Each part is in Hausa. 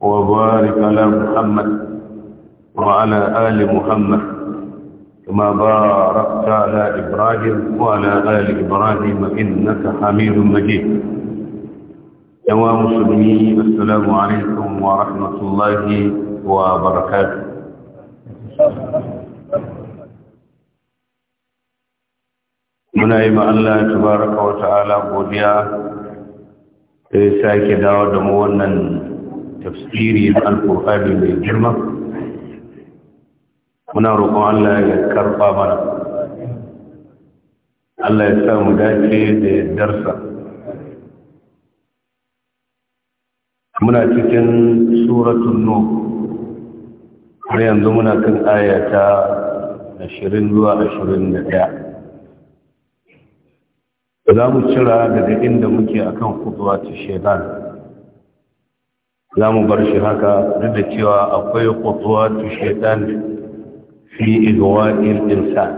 وبارك على محمد وعلى آل محمد كما باركت على إبراهيم وعلى آل إبراهيم إنك حميد مجيد يا مسلمين السلام عليكم ورحمة الله وبركاته من أيما الله تبارك وتعالى ta'ala godiya da ya tafsiri na alƙur'ani mai girma muna roƙon Allah ya karɓa mana Allah ya sa mu dace da darsa muna cikin suratun nu har yanzu muna kan ayata shirin zuwa ashirin da ɗaya za mu cira daga inda muke akan kutuwa ta shaitan za mu bar shi haka duk da cewa akwai kutuwa tushetan shaitan fi izwa'il insan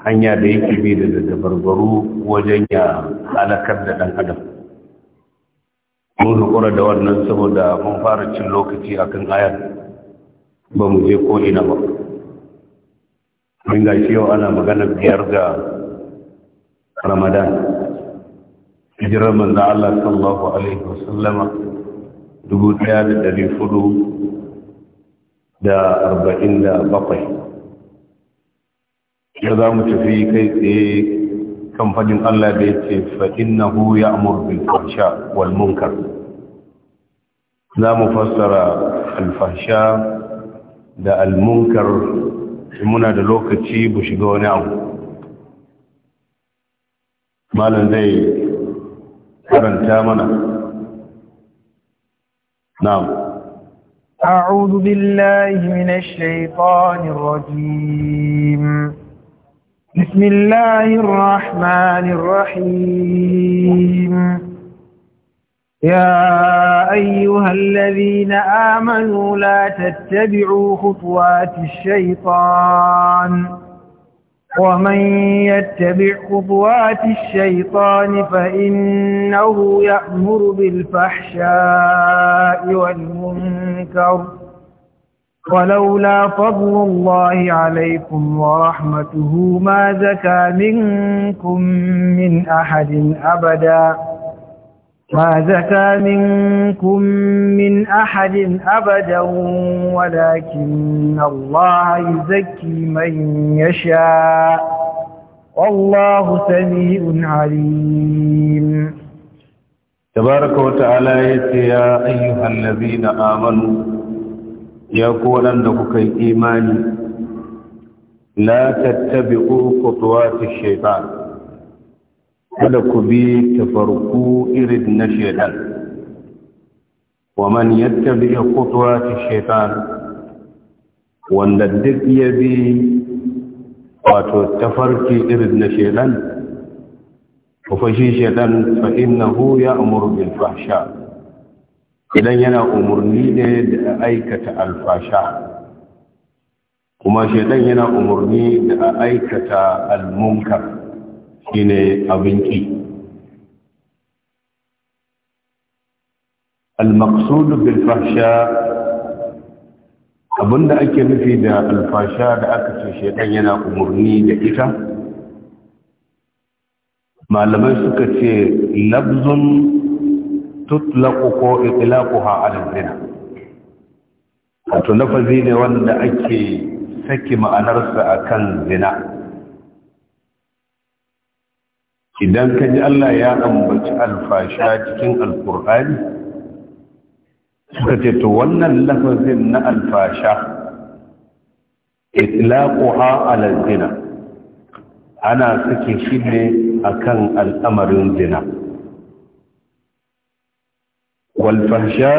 hanya da yake bi da dabarbaru wajen ya halakar da ɗan adam mun hukura da wannan saboda mun fara cin lokaci a kan ayar ba mu je ko ina ba mun shi yau ana magana biyar ga ramadan hijirar manzan Allah sallallahu alaihi wasallama dubu ɗaya da arba'in da bakwai za mu tafi kai tsaye kan Allah da ya ce fa'innahu ya amurbi fasha wal munkar za mu fassara alfasha da almunkar muna da lokaci bu shiga wani abu malam zai karanta mana نعم أعوذ بالله من الشيطان الرجيم بسم الله الرحمن الرحيم يا أيها الذين آمنوا لا تتبعوا خطوات الشيطان ومن يتبع خطوات الشيطان فإنه يأمر بالفحشاء والمنكر ولولا فضل الله عليكم ورحمته ما زكى منكم من أحد أبداً ما زكى منكم من أحد أبدا ولكن الله يزكي من يشاء والله سميع عليم تبارك وتعالى يا أيها الذين آمنوا يا قولا لكك إيماني لا تتبعوا خطوات الشيطان kada ku bi tafarku irin na shaitan wa man yattabi ta shaitan wanda duk ya bi wato tafarki irin na shaitan fa shi shaitan fa innahu ya'muru bil fahsha idan yana umarni ne da aikata alfasha kuma shaitan yana umarni da aikata almunkar shine ne ki al-maqsud bil fahsha abinda ake nufi da alfasha da aka ce shedan yana umurni da ita malamai suka ce labzun tutlaqu ko itlaquha ala zina wato lafazi ne wanda ake saki ma'anarsa akan zina idan ka ji Allah ya ambaci alfasha cikin alkur'ani suka ce to wannan lafazin na alfasha itlaquha ala zina ana sake shi ne akan al'amarin zina walfasha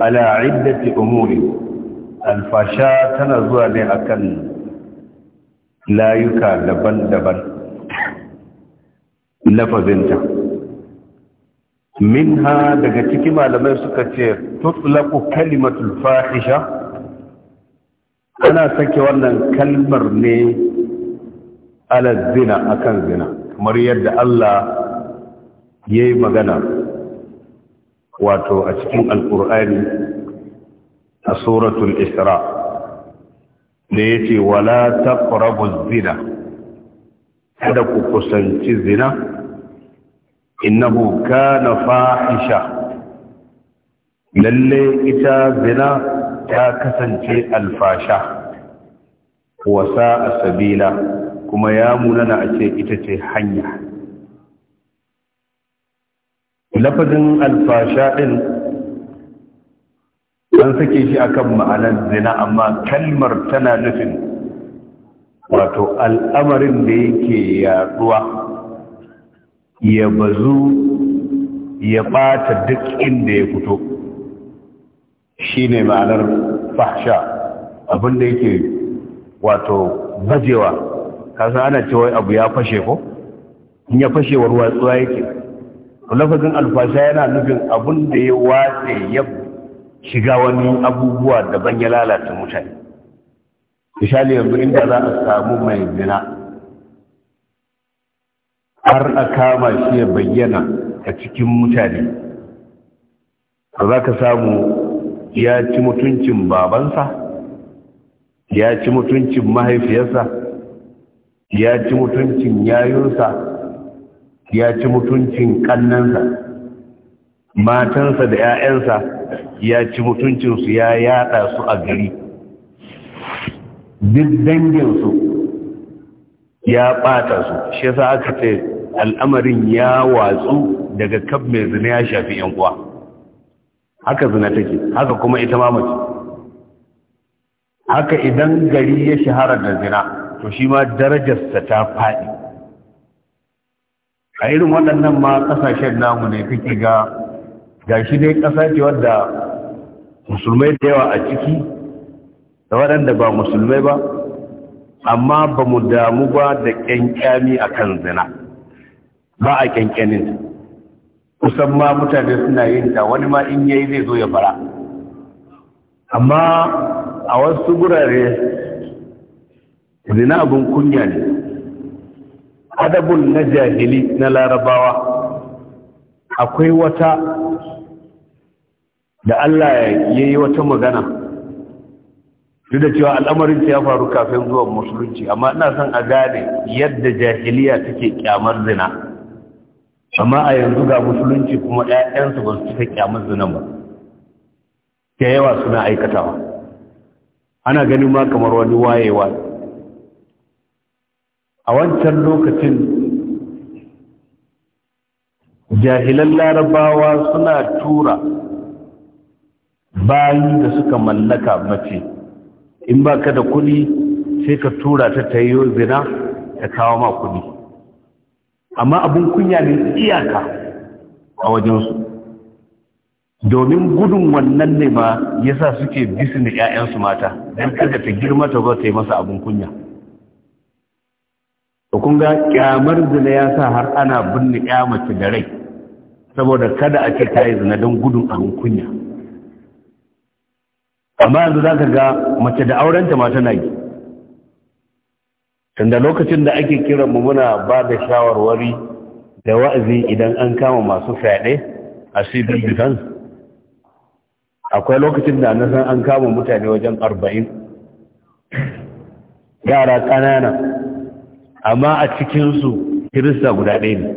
ala iddati umuri alfasha tana zuwa ne akan layuka daban-daban lafazinta minha daga ciki malamai suka ce tutlaku kalimatul fahisha ana sake wannan kalmar ne ala zina akan zina kamar yadda Allah ya yi magana wato a cikin alkur'ani a suratul isra da ya ce wala taqrabu zina kada ku kusanci zina innahu kana fahisha lalle ita zina ta kasance alfasha wasa a sabila kuma ya munana a ce ita ce hanya lafazin alfasha ɗin an sake shi akan ma'anar zina amma kalmar tana nufin wato al'amarin da yake yaduwa ya bazu ya bata duk inda ya fito shine ma'anar fahsha abin da yake wato bajewa kasan ana cewa abu ya fashe ko in ya fashe wa ruwa tsuwa yake lafazin alfasha yana nufin abin da ya watse ya shiga wani abubuwa daban ya lalata mutane misali yanzu inda za a samu mai zina har a kama shi ya bayyana a cikin mutane ba za ka samu ya ci mutuncin babansa ya ci mutuncin mahaifiyarsa ya ci mutuncin yayunsa ya ci mutuncin kannansa matansa da 'ya'yansa ya ci mutuncinsu ya yada su a gari duk su ya ɓata su shi yasa aka ce al'amarin ya watsu daga kab mai zina ya shafi yan uwa haka zina take haka kuma ita ma mace haka idan gari ya shahara da zina to shi ma darajarsa ta faɗi a irin waɗannan ma ƙasashen namu ne kake ga ga shi dai ƙasa ce wadda musulmai da yawa a ciki da waɗanda ba musulmai ba amma ba mu damu ba da ƙyanƙyami a kan zina ba a ƙyanƙyanin kusan ma mutane suna yin ta wani ma in yayi zai zo ya fara amma a wasu gurare zina abin kunya ne adabun na jahili na larabawa akwai wata da Allah ya yi wata magana duk da cewa al'amarin ya faru kafin zuwa musulunci amma ina son a gane yadda jahiliya take kyamar zina amma a yanzu ga musulunci kuma ƴaƴansu ba su cika kyamar zina ba da yawa suna aikatawa ana ganin ma kamar wani wayewa a wancan lokacin jahilan larabawa suna tura bayi da suka mallaka mace in ba ka da kuɗi sai ka tura ta ta yi zina ta kawo ma kuɗi amma abin kunya ne iyaka a wajensu domin gudun wannan ne ma sa suke bisu 'ya'yansu mata don kada ta girma ta zo ta yi masa abin kunya to kunga kyamar zina ya sa har ana binne ya mace da rai saboda kada ake ta yi zina don gudun abin kunya amma yanzu za ka ga mace da aurenta ma tana yi tunda lokacin da ake kiran mu muna ba da shawarwari da wa'azi idan an kama masu fyaɗe a civil akwai lokacin da na san an kama mutane wajen arba'in yara ƙanana amma a cikinsu kirista guda ɗaya ne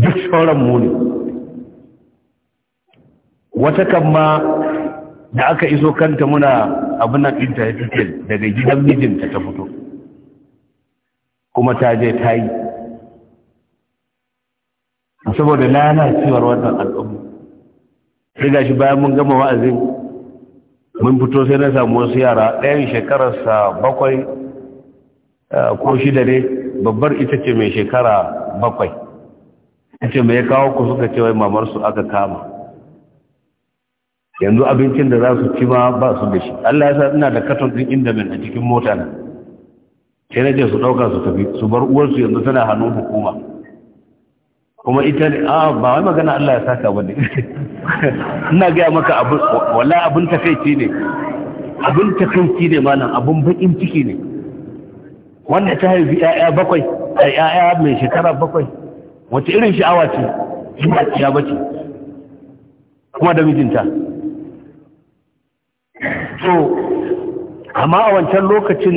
duk sauran mu ne wata kan ma da aka iso kanta muna abin nan daga gidan mijinta ta fito kuma ta je ta yi saboda lalacewar wannan al'umma sai gashi bayan mun gama wa'azin mun fito sai na samu wasu yara ɗayan shekararsa bakwai eh, ko shida ne babbar ita ce mai shekara bakwai ita ce mai kawo ku suka ce wai mamarsu aka kama yanzu abincin da za su ci ma ba su da shi Allah ya sa ina da katon ɗin indamin a cikin mota na sai na ce su ɗauka su tafi su bar uwarsu yanzu tana hannun hukuma kuma ita ne a ba wai magana Allah ya saka ba ne ina gaya maka abin wallahi abin takaici ne abin takaici ne malam abin bakin ciki ne wanda ta haifi 'ya'ya bakwai Ya'ya mai shekara bakwai wace irin sha'awa ce ba ya bace kuma da mijinta to amma a wancan lokacin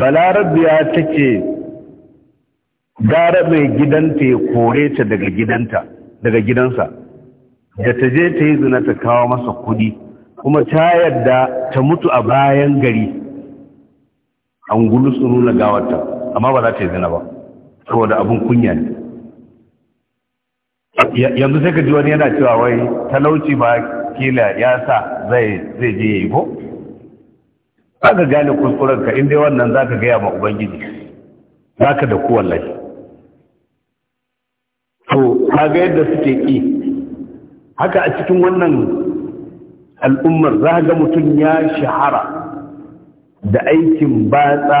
balarabiya take gara mai gidanta ya kore ta daga gidanta daga gidansa da ta je ta yi zina ta kawo masa kudi kuma ta yadda ta mutu a bayan gari an gulu su nuna gawarta amma ba za ta yi zina ba saboda abin kunya ne yanzu sai ka ji wani yana cewa wai talauci ba kila ya sa zai zai je yi ko ka gane kuskuren ka inda wannan zaka gaya ma ubangiji zaka da ku wallahi to kaga yadda suke ki haka a cikin wannan al'ummar za ga mutum ya shahara da aikin batsa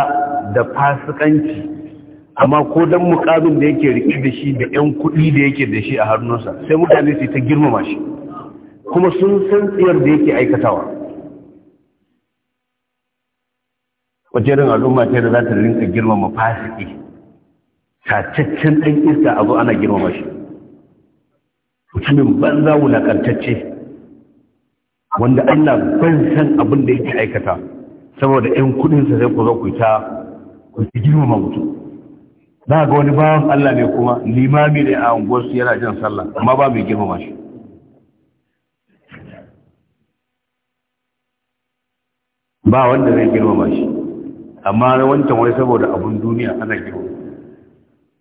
da fasikanci amma ko dan mukamin da yake rike da shi da 'yan kuɗi da yake da shi a hannunsa sai mutane su ta girmama shi kuma sun san tsayar da yake aikatawa wajerin al'umma ce da za ta rinka girmama fasiki tacaccen ɗan iska a zo ana girmama shi mutumin banza wulakantacce wanda Allah ban san abin da yake aikata saboda ‘yan kudinsa sai ku zo ku ta ku girmama mutum za ga wani bawan Allah ne kuma limami ne a unguwarsu yana jin sallah amma ba mai girmama shi ba wanda zai girmama shi amma wancan wai saboda abun duniya ana girma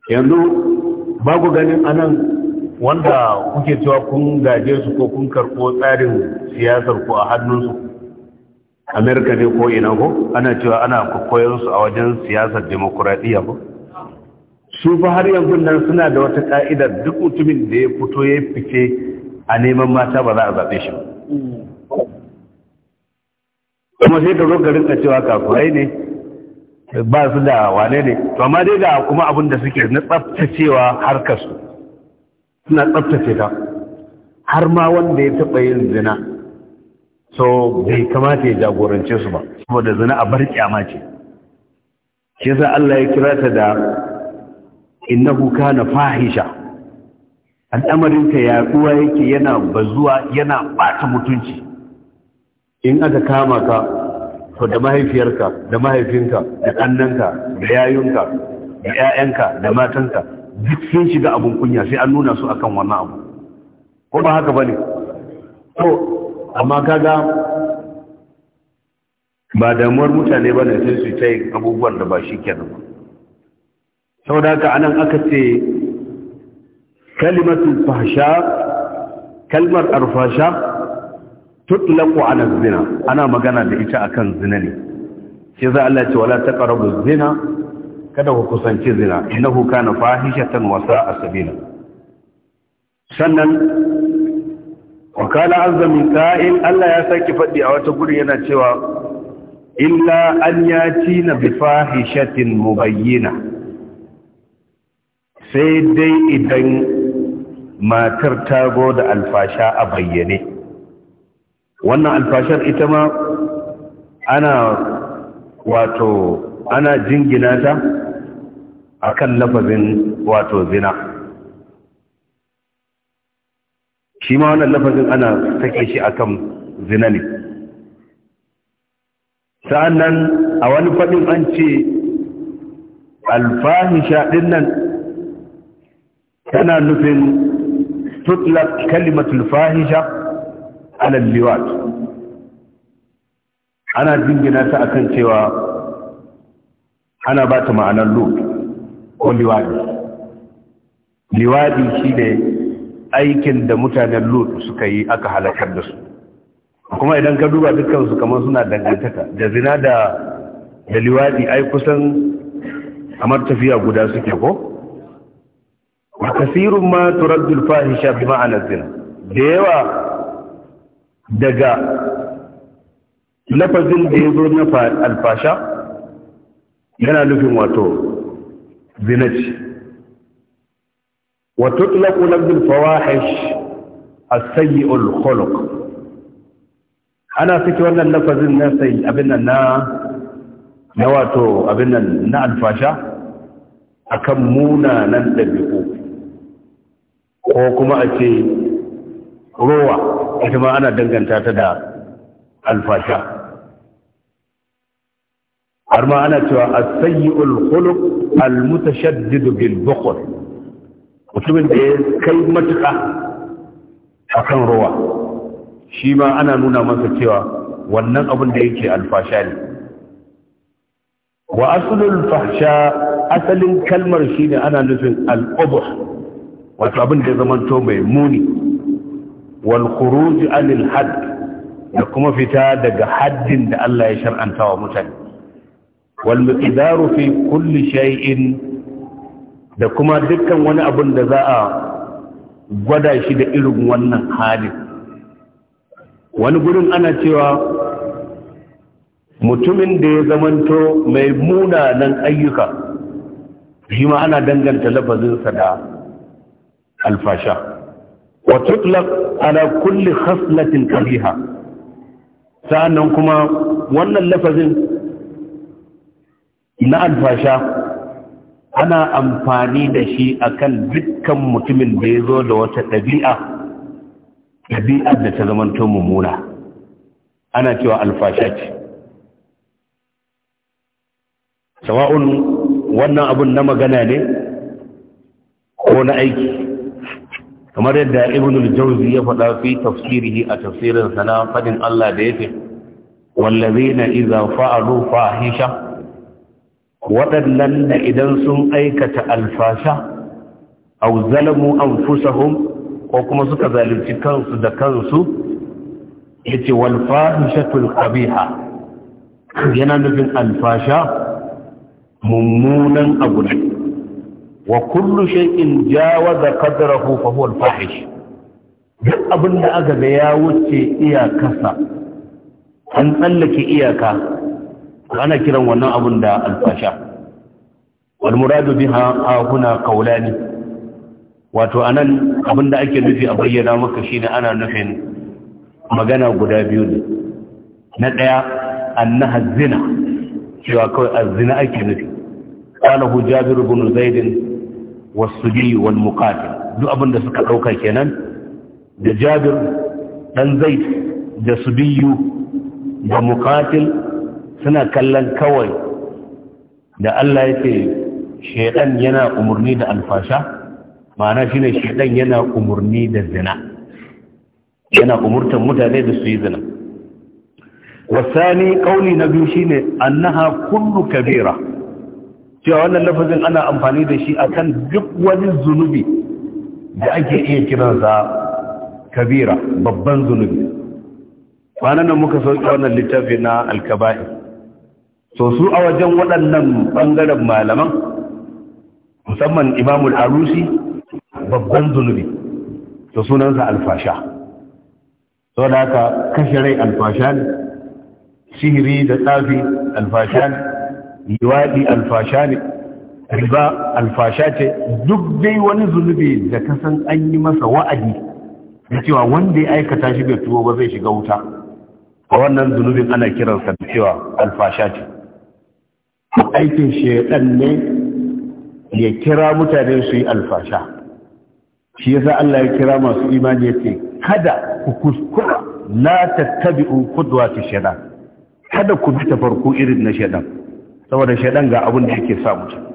yanzu ba ku ganin anan wanda kuke cewa kun gaje su ko kun karɓo tsarin siyasar ku a hannunsu amerika ne ko ina ko ana cewa ana kwakwayon su a wajen siyasar demokuraɗiyya ba su fa har yanzu nan suna da wata ka'idar duk mutumin da ya fito ya fice a neman mata ba za a zaɓe shi ba kuma sai ka zo ka rinka cewa kafurai ne ba su da wane ne to amma dai ga kuma abin da suke na tsaftacewa harkar suna tsaftace ta har ma wanda ya taɓa yin zina so bai kamata ya jagorance su ba saboda zina a bar kyama ce shi yasa Allah ya kira ta da innahu kana fahisha al'amarin ya yaduwa yake yana bazuwa yana bata mutunci in aka kama ka to da mahaifiyarka da mahaifinka da annanka, da yayunka da 'ya'yanka da matanka duk sun shiga abun kunya sai an nuna su akan wannan abu ko ba haka bane to amma kaga ba damuwar mutane bane sai su ta abubuwan da ba shi kenan ba saboda haka anan aka ce kalimatu fahsha kalmar arfasha tutlaqu ala zina ana magana da ita akan zina ne sai za Allah ce wala taqrabu zina kada ku kusanci zina innahu kana fahishatan wa sa'a sabila sannan wa kana azza min qa'il Allah ya saki faɗi a wata guri yana cewa illa an yati na bi fahishatin mubayyina sai dai idan matar ta go da alfasha a bayyane wannan alfashar ita ma ana wato ana jingina ta akan lafazin wato zina shi ma wannan lafazin ana sake shi akan zina ne sa'annan a wani faɗin an ce alfahisha ɗin nan tana nufin tutlak kalimatul fahisha ana jingina ta akan cewa ana bata ta ma'anar lu ko liwadi liwadi shi ne aikin da mutanen lu suka yi aka halakar da su kuma idan ka duba dukkansu kamar suna dangantaka da zina da da liwadi ai kusan kamar tafiya guda suke ko wa kasirun ma turaddul fahisha bi ma'anar zina da yawa daga lafazin da ya zo na alfasha yana nufin wato zinaci wato tulaku lafzin fawahish sayi ulkholok ana saki wannan lafazin na sai abin nan na na wato abin nan na alfasha akan munanan ɗabi'u ko kuma a ce rowa ita ma ana danganta ta da alfasha har ma ana cewa a sayi khuluq al-mutashaddid bil mutumin da ya kai a akan rowa shi ma ana nuna masa cewa wannan abin da yake alfasha ne wa aslul fahsha asalin kalmar shine ana nufin al-ubh wato abin da ya zamanto mai muni wal kuruji anil hadd da kuma fita daga haddin da Allah ya shar'anta wa mutane wal fi kulli shay'in da kuma dukkan wani abun da za a gwada shi da irin wannan halin wani gurin ana cewa mutumin da ya zamanto mai munanan ayyuka shi ma ana danganta lafazinsa da alfasha wa tutlaq ala kulli khaslatin kabiha kuma wannan lafazin na alfasha ana amfani da shi akan dukkan mutumin da ya zo da wata ɗabi'a ɗabi'ar da ta zamanto mummuna ana cewa alfasha ce sawa'un wannan abun na magana ne ko na aiki kamar yadda ibnul jauzi ya faɗa fi tafsirihi a tafsirin sana fadin Allah da yake wallazina idza fa'alu fahisha waɗannan da idan sun aikata alfasha aw zalamu anfusahum ko kuma suka zalunci kansu da kansu yace wal fahishatul qabiha yana nufin alfasha mummunan abu ne wa kullu shay'in jawaza qadrahu fa huwa al-fahish duk abinda aka ga ya wuce iyakarsa an tsallake iyaka ana kiran wannan abin da alfasha wal muradu biha huna qawlani wato anan abin da ake nufi a bayyana maka shine ana nufin magana guda biyu ne na daya annaha zina cewa kawai azina ake nufi قاله جابر بن زيد wasuji wal muqatil duk abin da suka ɗauka kenan da jabir dan zaid da subiyu da muqatil suna kallon kawai da Allah yake shedan yana umurni da alfasha ma'ana shine shedan yana umurni da zina yana umurtan mutane da suyi yi zina wasani kauli na biyu shine annaha kullu kabira cewa wannan lafazin ana amfani da shi akan duk wani zunubi da ake iya kiransa kabira babban zunubi kwanan nan muka sauke wannan littafi na alkaba'i so su a wajen waɗannan ɓangaren malaman musamman imamul arusi babban zunubi to sunansa alfasha so da haka kashe rai alfasha ne sihiri da tsafi alfasha ne liwaɗi alfasha ne riba alfasha ce duk dai wani zunubi da ka san an yi masa wa'adi na cewa wanda ya aikata shi bai tuwo ba zai shiga wuta a wannan zunubin ana kiransa da cewa alfasha ce aikin shaidan ne ya kira mutane su yi alfasha shi yasa Allah ya kira masu imani ya ce kada ku kuskura la tattabi'u ta shaidan. kada ku bi ta farko irin na shaidan. saboda shaidan ga abin da yake sa mutum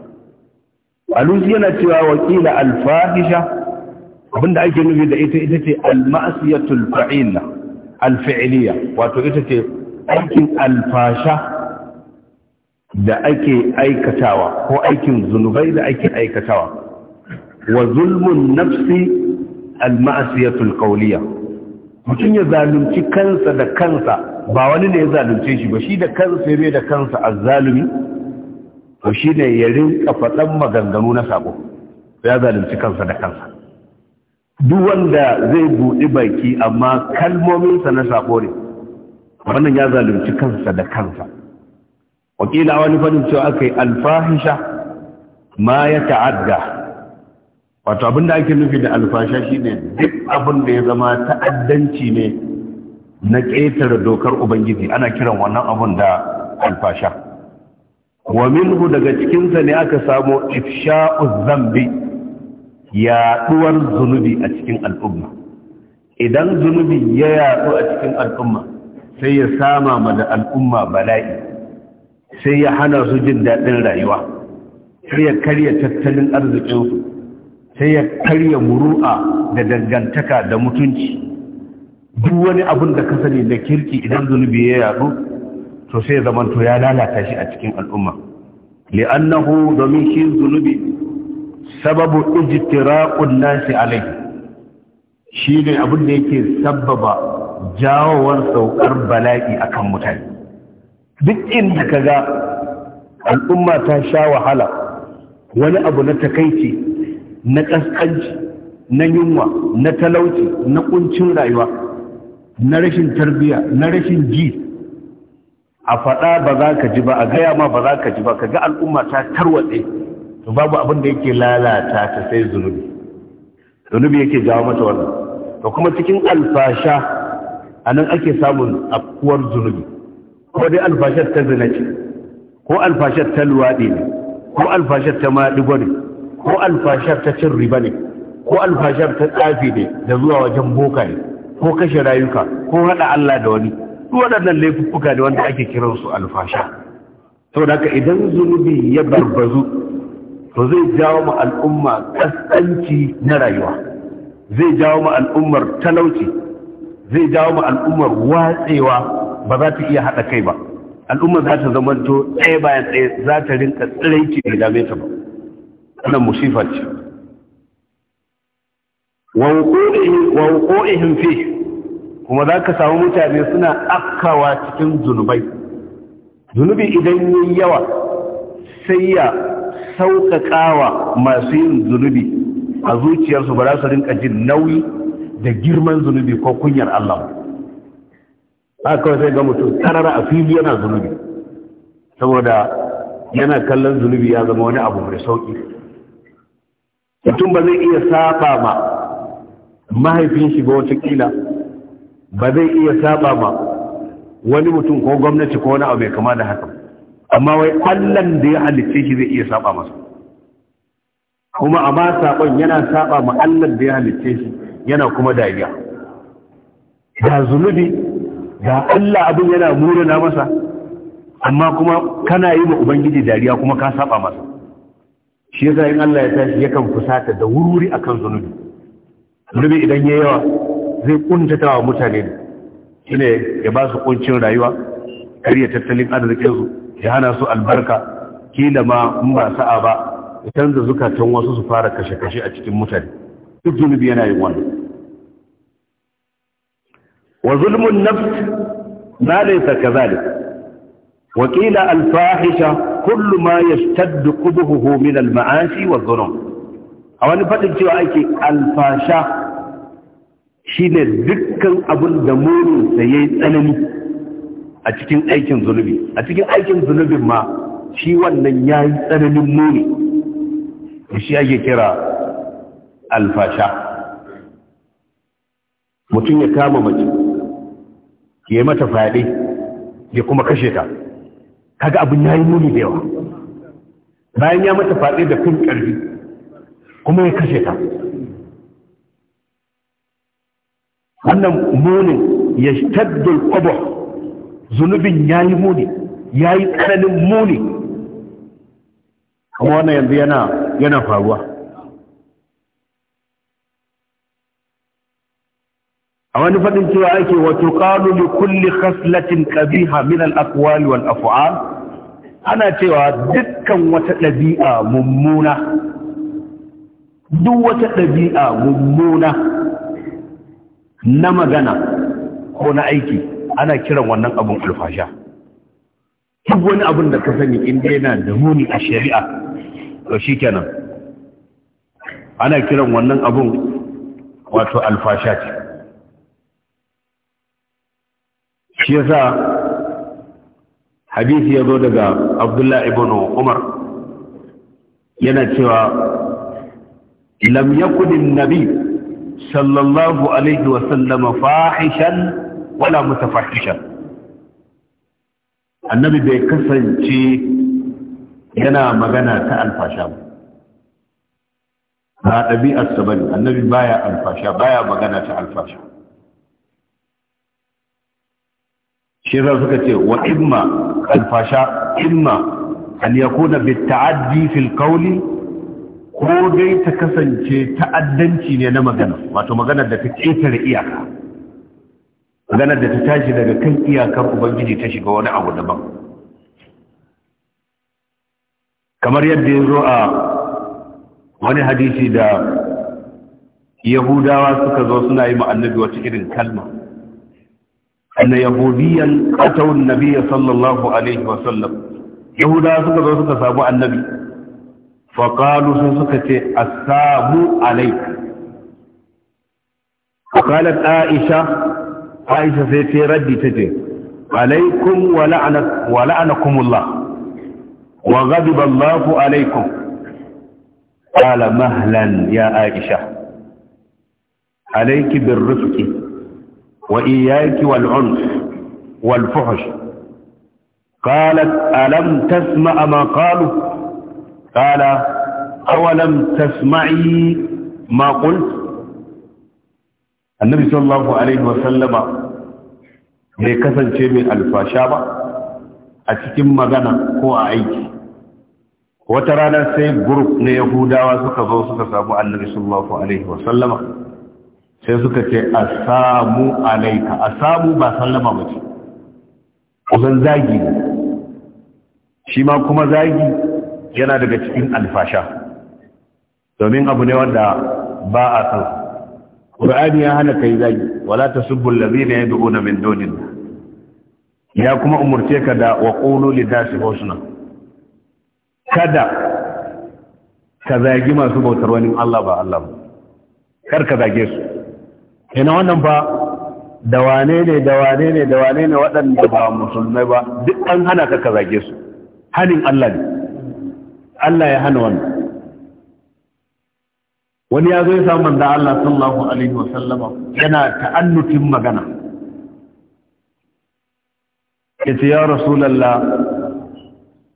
alusi yana cewa wakila alfahisha abinda ake nufi da ita ita ce almasiyatul fa'ila alfi'liya wato ita ce aikin alfasha da ake aikatawa ko aikin zunubai da ake aikatawa wa zulmun nafsi almasiyatul qawliya mutum ya zalunci kansa da kansa ba wani ne ya zalunce shi ba shi da kansa ya da kansa azzalumi to shi ne ya rinka faɗan maganganu na sako ya zalunci kansa da kansa duk wanda zai buɗi baki amma kalmominsa na sako ne wannan ya zalunci kansa da kansa wakila wani fadin cewa aka yi alfahisha ma ya ta'adda wato abinda ake nufi da shi shine duk abin da ya zama ta'addanci ne na ƙetare dokar ubangiji ana kiran wannan abun da alfasha wa minhu daga cikinsa ne aka samo ifsha'u zambi yaɗuwar zunubi a cikin al'umma idan zunubi ya yaɗu a cikin al'umma sai ya sama ma da al'umma bala'i sai ya hana su jin daɗin rayuwa sai ya karya tattalin arzikinsu sai ya karya muru'a da dangantaka da mutunci duk wani abin da ka sani da kirki idan zunubi ya yadu to sai zamanto ya lalata shi a cikin al'umma li'annahu domin shi zunubi sababu ijtira'un nasi alaihi shi ne abin da yake sababa jawowar saukar bala'i akan mutane duk inda ka ga al'umma ta sha wahala wani abu na takaici na ƙasƙanci, na yunwa na talauci na ƙuncin rayuwa na rashin tarbiya na rashin ji a faɗa ba za ka ji ba a gaya ma ba za ka ji ba ka ga al'umma ta tarwatse to babu abin da yake lalata ta sai zunubi zunubi yake jawo mata wannan to kuma cikin alfasha a nan ake samun afkuwar zunubi ko dai alfashar ta zina ko alfashar ta luwaɗi ne ko alfashar ta maɗigo ne ko alfashar ta cin riba ne ko alfashar ta tsafi ne da zuwa wajen boka ne ko kashe rayuka ko haɗa Allah da wani waɗannan laifuka da wanda ake kiransu alfasha sau da idan zunubi ya barbazu to zai jawo ma al'umma kasanci na rayuwa zai jawo ma al'ummar talauci zai jawo ma al'ummar watsewa ba za ta iya haɗa kai ba al'umma za ta zamanto ɗaya bayan ɗaya za ta rinka tsiraici da dame ta ba wannan musifa ce wanko’ihin fi kuma za ka samu mutane suna afkawa cikin zunubai zunubi idan yi yawa sai ya sauƙaƙawa masu yin zunubi a zuciyarsu ba za su rinka jin nauyi da girman zunubi ko kunyar Allah ba kawai sai ga mutum tarara a fili yana zunubi saboda yana kallon zunubi ya zama wani abu mai sauƙi mutum ba zai iya saba ma mahaifin shi ba watakila ba zai iya saba ba wani mutum ko gwamnati ko wani abu kama da haka amma wai allan da ya halicce shi zai iya saba masa kuma a ba yana saba ma allan da ya halicce shi yana kuma dariya da zunubi da allah abin yana murana masa amma kuma kana yi ma ubangiji dariya kuma ka saba masa shi yasa in allah ya tashi yakan fusata da wuri akan zunubi zunubi idan ya yawa zai kuntata wa mutane shi ne ya ba su kuncin rayuwa karya tattalin arzikinsu ya hana su albarka kila ma in ba sa'a ba ya canza zukatan wasu su fara kashe-kashe a cikin mutane duk zunubi yana yin wannan wa zulmun nafs ma laysa kazalik wa qila al fahisha kullu ma yashtaddu qubhuhu min al ma'asi wa dhunub a wani fadin cewa ake alfasha Shi ne dukkan abin da muninsa ya yi tsanani a cikin aikin zunubi a cikin aikin zunubin ma shi wannan ya yi tsananin muni shi ake kira alfasha mutum ya kama mace ya mata fyaɗe ya kuma kashe ta kaga abin ya yi muni da yawa bayan ya mata fyaɗe da fin ƙarfi kuma ya kashe ta wannan munin ya shaddul qubh zunubin yi muni yi tsananin muni kuma wannan yanzu yana yana faruwa a wani faɗin cewa ake wato ƙalu li kulli khaslatin qabiha min al wal af'al ana cewa dukkan wata ɗabi'a mummuna duk wata ɗabi'a mummuna na magana ko na aiki ana kiran wannan abun alfasha duk wani abun da ka sani inda yana da muni a shari'a to shi kenan ana kiran wannan abun wato alfasha ce shi yasa hadisi ya zo daga abdullahi ibn umar yana cewa lam yakunin nabi صلى الله عليه وسلم فاحشا ولا متفحشا النبي بيكسن شي ينا مغنى تألف شام ها نبي السبن النبي بايا الفاشا شام بايا مغنى تألف شام شير الفكرة وإما الفاشا إما أن يكون بالتعدي في القول ko dai ta kasance ta'addanci ne na magana wato maganar da ta ƙetare iyaka maganar da ta tashi daga kan iyakar ubangiji ta shiga wani abu daban kamar yadda ya zo a wani hadisi da yahudawa suka zo suna yi ma'annabi wata irin kalma anna yahudiyan atawun nabiyya sallallahu alaihi wasallam yahudawa suka zo suka samu annabi faƙalu sun suka ce asabu alaika faƙalar aisha aisha sai ce raddi ta ce alaikum wa la'anakumullah wa ghadiballahu alaikum mahlan ya aisha alayki birrifqi wa iyyaki wal unf wal alam tasma ma قال أولم تسمعي ما قلت النبي صلى الله عليه وسلم bai kasance mai alfasha ba a cikin magana ko a aiki wata rana sai group na yahudawa suka zo suka samu annabi sallallahu alaihi wa sallama sai suka ce a samu alaika a samu ba sallama mace kusan zagi ne shi ma kuma zagi yana daga cikin alfasha domin abu ne wanda ba a san ƙur'ani ya hana kai zagi wala tasubbu allazina yad'una min dunillah ya kuma umurce ka da wa qulu lidasi husna kada ka zagi masu bautar wani Allah ba Allah ba kar ka zage su ina wannan ba da wane ne da wane ne da wane ne waɗanda ba musulmai ba duk an hana ka ka zage su hanin Allah ne Allah ya hana wannan wani ya zo ya samu manzo Allah sallallahu alaihi wa sallama yana ta'annutin magana yace ya rasulullah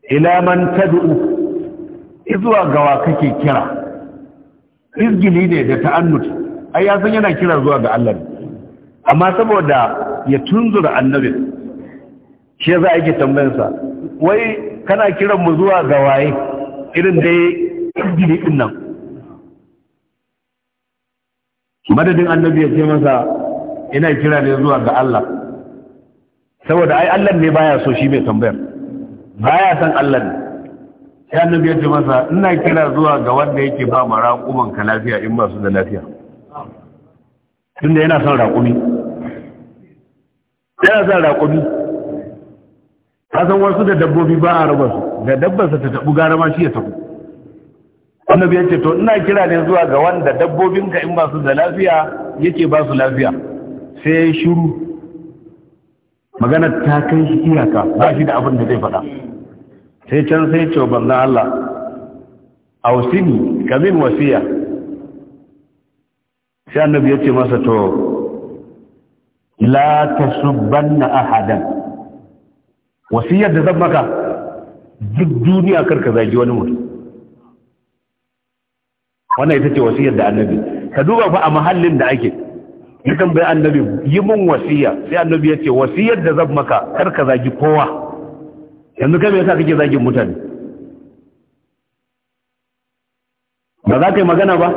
ila man tad'u izuwa gawa kake kira izgili ne da ta'annuti ai ya san yana kira zuwa ga Allah amma saboda ya tunzura annabi shi za a yake tambayarsa wai kana kiran mu zuwa ga waye irin da ya gini ɗin nan madadin annabi ya ce masa ina kira ne zuwa ga Allah saboda ai Allah ne baya so shi mai tambayar baya san Allah ne sai annabi ya ce masa ina kira zuwa ga wanda yake ba ma raƙuman ka lafiya in ba su da lafiya tunda yana son raƙumi yana son raƙumi kasan wasu da dabbobi ba a raba su da dabbansa ta tabu gara ma shi ya tabu annabi ya ce to ina kira ne zuwa ga wanda dabbobinka in ba su da lafiya yake ba su lafiya sai shiru maganar ta kai shi iyaka ba shi da abin da zai faɗa sai can sai ce banza Allah ausini kamin wasiya sai annabi ya ce masa to la tasubbanna ahadan wasiyar da zan maka duk duniya karka zagi wani mutum wannan ita ce wasiyar da annabi ka duba fa a mahallin da ake yakan bai annabi yi mun wasiya sai annabi ya ce wasiyar da zan maka karka zagi kowa yanzu kai me yasa kake zagin mutane ba za ka yi magana ba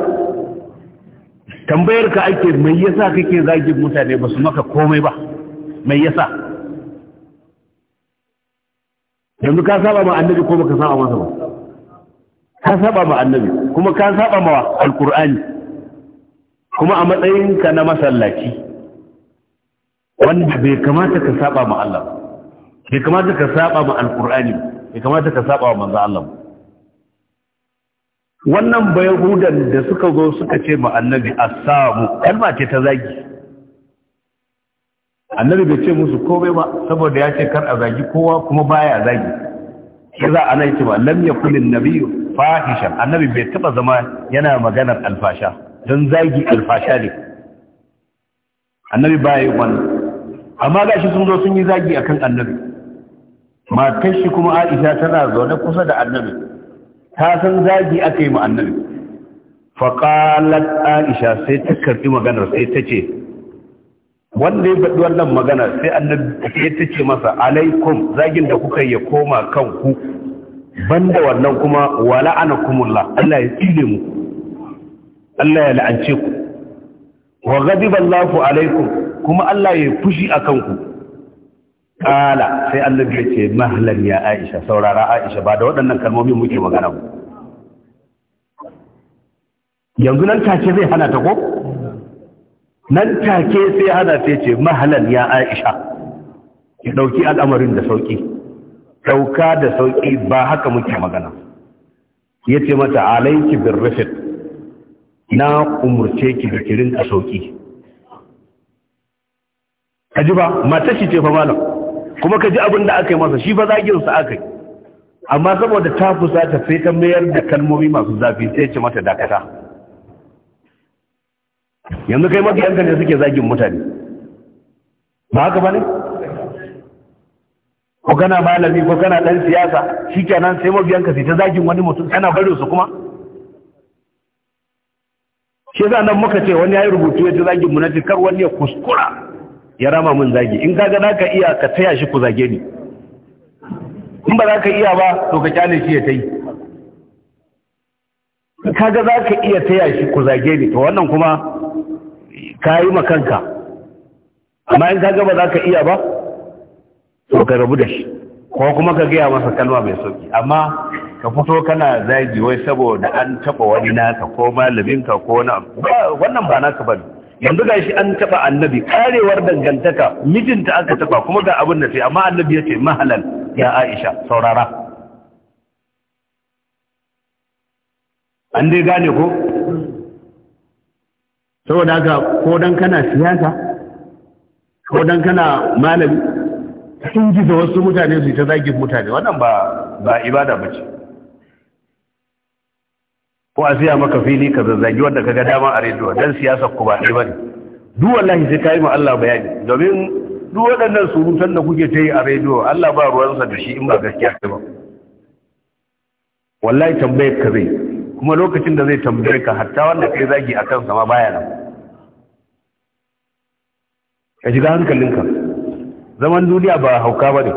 tambayar ka ake mai yasa kake zagin mutane ba su maka komai ba mai yasa yanzu ka saba ma annabi ko baka saba masa ba ka saba ma annabi kuma ka saba ma alkur'ani kuma a matsayinka na masallaci wanda bai kamata ka saba ma Allah bai kamata ka saba ma alkur'ani bai kamata ka saba ma manzo Allah wannan bayahudan da suka zo suka ce ma annabi assamu kalma ce ta zagi annabi bai ce musu komai ba saboda ya ce kar a zagi kowa kuma baya zagi shi za a nan ce ba lam yakul annabi fahisha annabi bai taba zama yana maganar alfasha dan zagi alfasha ne annabi baya wannan amma shi sun zo sun yi zagi akan annabi matar shi kuma Aisha tana zaune kusa da annabi ta san zagi aka yi ma annabi Faƙalar Aisha sai ta karbi maganar sai ta ce wanda ya faɗi wannan magana sai annabi ya tace masa alaikum zagin da kuka ya koma kanku banda wannan kuma wa la'anakumullah Allah ya tsile mu Allah ya la'ance ku wa ghadiba Allahu alaikum kuma Allah ya fushi a kanku. kala sai annabi ya ce mahlan ya Aisha saurara Aisha ba da waɗannan kalmomin muke magana yanzu nan take zai hana ta ko nan take sai ana sai ce mahalan ya aisha ki ɗauki al'amarin da sauƙi ɗauka da sauƙi ba haka muke magana ya ce mata alaiki bin na umurce ki da kirin a sauƙi ka ji ba mata shi ce fa malam kuma ka ji abin da aka yi masa shi fa zaginsa aka yi amma saboda ta fusa ta sai ta mayar da kalmomi masu zafi sai ce mata dakata yanzu kai mabiyanka ne suke zagin mutane ba haka ba ne ko kana malami ko kana dan siyasa shi shikenan sai mabiyanka sai ta zagin wani mutum kana bari su kuma shi za nan muka ce wani yi rubutu yace zagin mu na kar wani ya kuskura ya rama mun zagi in gada ka iya ka taya shi ku zage ni in ba za ka iya ba to ka kyale shi ya ta tayi ga za ka iya taya shi ku zage ni to wannan kuma ka yi makanka amma in ka gaba za ka iya ba to ka rabu da shi ko kuma ka gaya masa kalma mai sauki amma ka fito kana zagi wai saboda an taba wani naka ko malaminka ko wani wannan ba naka ba yanzu ga shi an taba annabi karewar dangantaka mijinta aka taba kuma ga abin da sai amma annabi ya ce mahalal ya aisha saurara an dai gane ko saboda ga ko kana siyasa ko kana malami sun gizo wasu mutane su ta zagin mutane wannan ba ba ibada ba ce ko a siya maka fili ka zazzagi wanda ka ga dama a rediyo dan siyasa ku ba ɗaya ba ne duk wallahi sai yi ma Allah bayani domin duk waɗannan surutan da kuke ta yi a rediyo Allah ba ruwansa da shi in ba gaskiya ba wallahi tambayar ka zai kuma lokacin da zai tambaye ka hatta wanda kai zagi a kansa ma baya nan ka shiga hankalinka zaman duniya ba hauka ba ne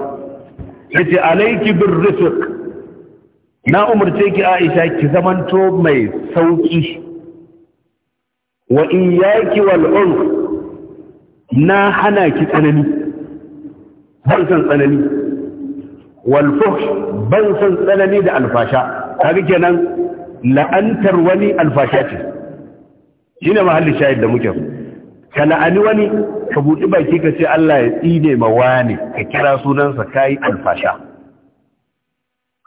ya ce alaiki bin rufik na umarce ki aisha ki zamanto mai sauki wa iyaki wal urf na hana ki tsanani ban san tsanani wal ban san tsanani da alfasha kaga kenan la'antar wani alfasha ce shi ne mahalli shahid da muke ka la'ani wani ka buɗi baki ka ce Allah ya tsine ma wani ka kira sunansa ka yi alfasha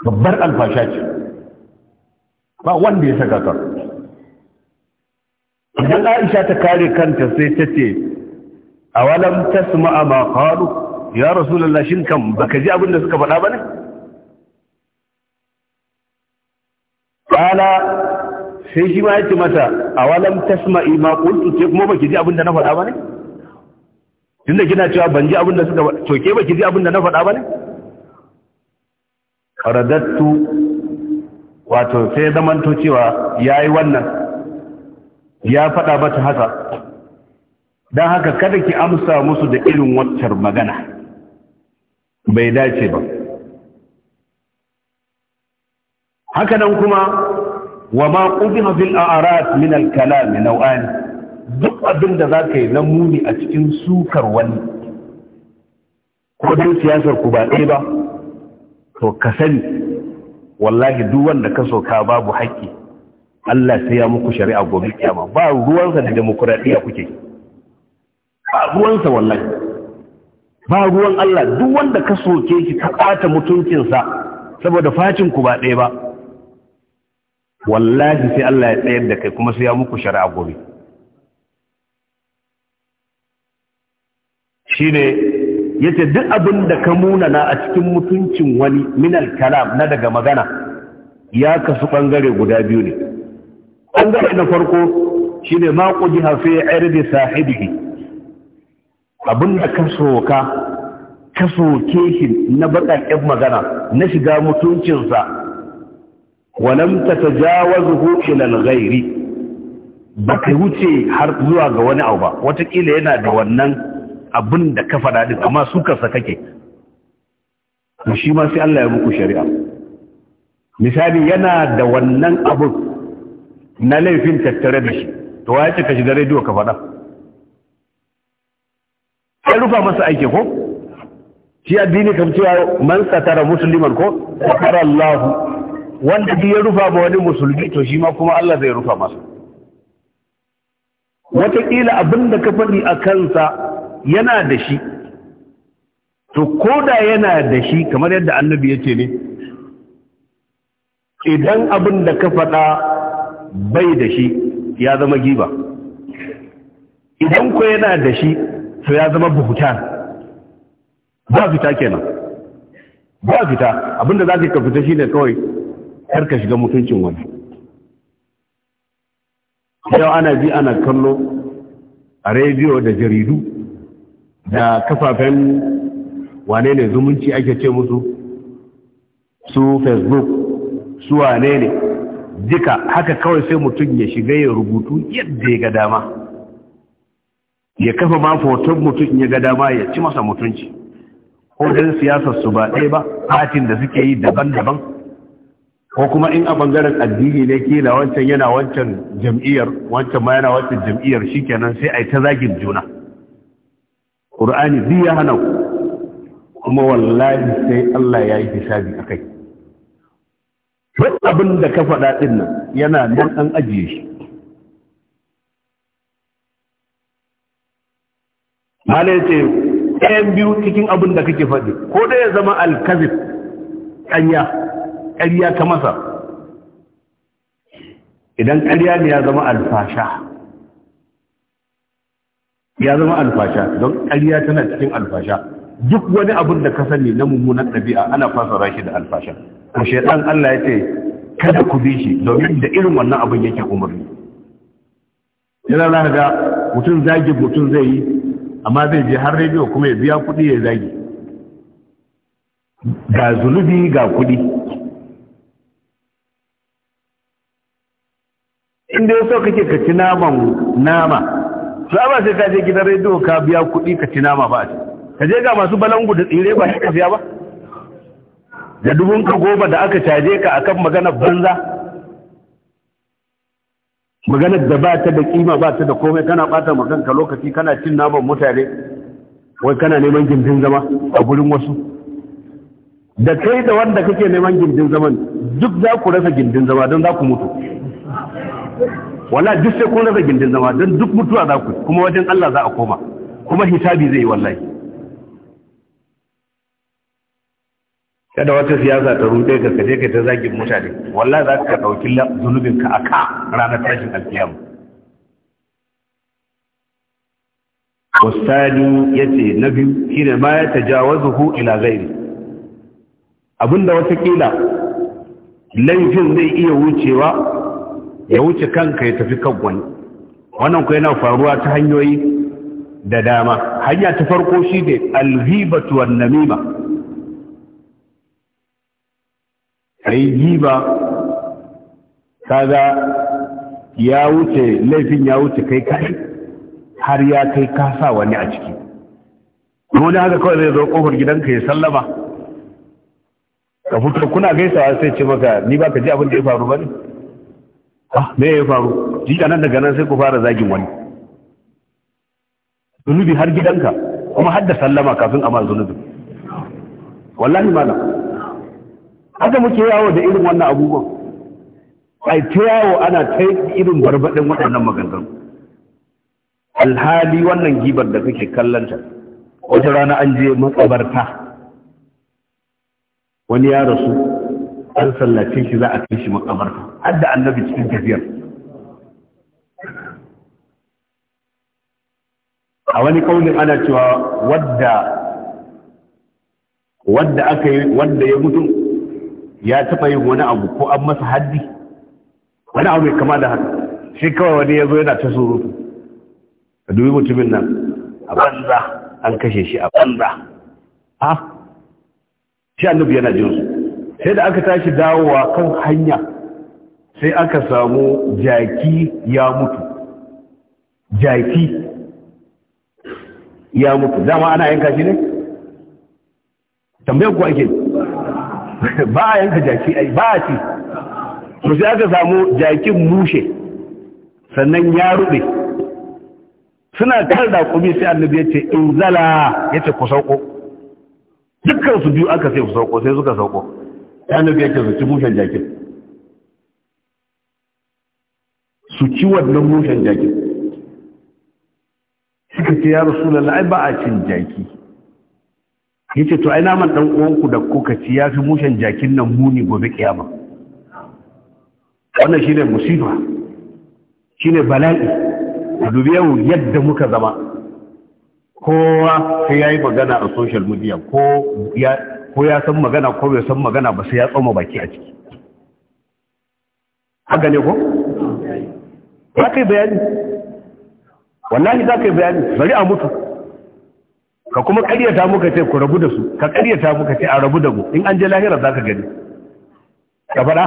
babbar alfasha ce ba wanda ya saka ka idan aisha ta kare kanta sai ta ce a walam tasma'a ma ya rasulullah shin kan baka ji abinda suka faɗa ba ne qala sai shi ma yace mata awalam tasma'i ma qultu ke kuma baki ji abin da na faɗa ba ne tunda kina cewa ban ji abin da suka to ke baki ji abin da na faɗa ba ne qaradattu wato sai to cewa yayi wannan ya faɗa mata haka dan haka kada ki amsa musu da irin waccar magana bai dace ba haka nan kuma wa قدم في bil من min al duk abin da zaka yi na muni a cikin sukar wani ko dan siyasar ku ba ɗaya ba to ka sani wallahi duk wanda ka soka babu haƙƙi Allah sai ya muku shari'a gobe kiyama ba ruwansa da demokuraɗiyya kuke ba ruwansa wallahi ba ruwan Allah duk wanda ka soke shi ka ɓata mutuncinsa saboda facin ku ba ɗaya ba wallahi sai Allah ya tsayar da kai kuma sai ya muku shari'a gobe shine yace duk abin da ka muna na a cikin mutuncin wani minal kalam na daga magana ya kasu bangare guda biyu ne bangare na farko shine ma qudiha fi irdi sahibihi abin da ka soka ka soke shi na baƙaƙen magana na shiga mutuncinsa ولم تتجاوزه الى الغير baka wuce har zuwa ga wani abu ba watakila yana da wannan abin da ka faɗa din amma su kansa kake to shi ma sai Allah ya muku shari'a misali yana da wannan abu na laifin tattare da shi to ya ka shiga rediyo ka faɗa ka rufa masa aiki ko shi addini kam cewa man satara musliman ko satara Allah wanda duk ya rufa ba wani musulmi to shi ma kuma Allah zai rufa masa wataƙila abin da ka faɗi a kansa yana da shi to ko da yana da shi kamar yadda annabi ya ce ne idan abin da ka faɗa bai da shi ya zama giba idan ko yana da shi to ya zama buhutan ba fita kenan ba fita abinda za ka fita shi ne kawai kar ka shiga mutuncin wani yau ana ji ana kallo a rediyo da jaridu da kafafen wane ne zumunci ake ce musu su facebook su wane ne duka haka kawai sai mutum ya shiga ya rubutu yadda ya ga dama ya kafa ma foton mutum ya ga dama ya ci masa mutunci ko dan siyasar su ba ɗaya ba fatin da suke yi daban-daban ko kuma in a bangaren addini ne kila wancan yana wancan jam'iyyar wancan ma yana wancan jam'iyyar shikenan sai a yi ta zagin juna ƙur'ani zai ya hana kuma wallahi sai Allah ya yi hisabi a kai duk abin da ka faɗa ɗin nan yana nan an ajiye shi ya ce ɗayan biyu cikin abin da kake faɗi ko da ya zama alkazib ƙanya ƙarya ta masa idan ƙarya ne ya zama alfasha ya zama alfasha don ƙarya tana cikin alfasha duk wani abin da ka sani na mummunan ɗabi'a ana fasara shi da alfasha ko shaidan Allah ya ce kada ku bi shi domin da irin wannan abin yake umarni yana za ga mutum zagi mutum zai yi amma zai je har rediyo kuma ya biya kuɗi ya zagi ga zunubi ga kuɗi inda ya so kake ka ci naman nama za ba sai ka je gidan rediyo ka biya kuɗi ka ci nama ba ka je ga masu balangu da tsire ba shi ka biya ba da dubun ka goma da aka caje ka akan maganar banza maganar da ba ta da kima ba ta da komai kana bata ka lokaci kana cin naman mutane wai kana neman gindin zama a gurin wasu da kai da wanda kake neman gindin zaman duk za ku rasa gindin zama don za ku mutu wala duk sai kun rasa gindin zama don duk mutuwa za ku kuma wajen Allah za a koma kuma hisabi zai yi wallahi kada wata siyasa ta rute ka kaje ka ta zagin mutane wallahi za ka dauki zunubin ka aka ranar tashin alkiyama Wastani ya ce na biyu shi baya ma ya tajawazuhu ila gairi abinda watakila laifin zai iya wucewa ya wuce kanka ya tafi kan wani wannan ku yana faruwa ta hanyoyi da dama hanya ta farko shi ne alhibatu wan namima ai hiba kaga ya wuce laifin ya wuce kai kai har ya kai ka sa wani a ciki wani haka kawai zai zo kofar gidanka ya sallama ka fito kuna gaisawa sai ce maka ni ba ka ji abin da ya faru ba ne ah me ya faru shi nan daga nan sai ku fara zagin wani zunubi har gidanka kuma har da sallama kafin a ma zunubi wallahi malam haka muke yawo da irin wannan abubuwan ai ta yawo ana ta irin barbaɗin waɗannan maganganu alhali wannan gibar da kake kallanta wata rana an je matsabarta wani ya rasu an sallace shi za a kai shi makabarta har da annabi cikin tafiyar a wani kaunin ana cewa wadda wadda aka yi wadda ya mutu ya taɓa yin wani abu ko an masa haddi wani abu mai kama da haka shi kawai wani ya zo yana ta surutu ka dubi mutumin nan a banza an kashe shi a banza ha shi annabi yana jin su. sai da aka tashi dawowa kan hanya sai aka samu jaki ya mutu jaki ya mutu dama ana yanka shi ne tambayar kuwa ake ba a yanka jaki ai ba a ci to sai aka samu jakin mushe sannan ya rube suna kar da kumi sai annabi ya ce in zala ya ce ku sauko dukkan su biyu aka sai ku sauko sai suka sauko ya yake su ci mushen jakin su ci wannan mushen jakin suka ce ya rasu ai ba a cin jaki ya ce to ai naman dan uwanku da kuka ci ya fi mushen jakin nan muni gobe kiyama wannan shi ne musifa shi ne bala'i a yadda muka zama kowa sai ya yi magana a social media ko ya ko ya san magana ko bai san magana ba sai ya tsoma baki a ciki haka ne ko? za ka yi bayani wallahi za ka yi bayani bari a mutu ka kuma karyata muka ce ku rabu da su ka karyata muka ce a rabu da mu in an je lahira za ka gani ka fara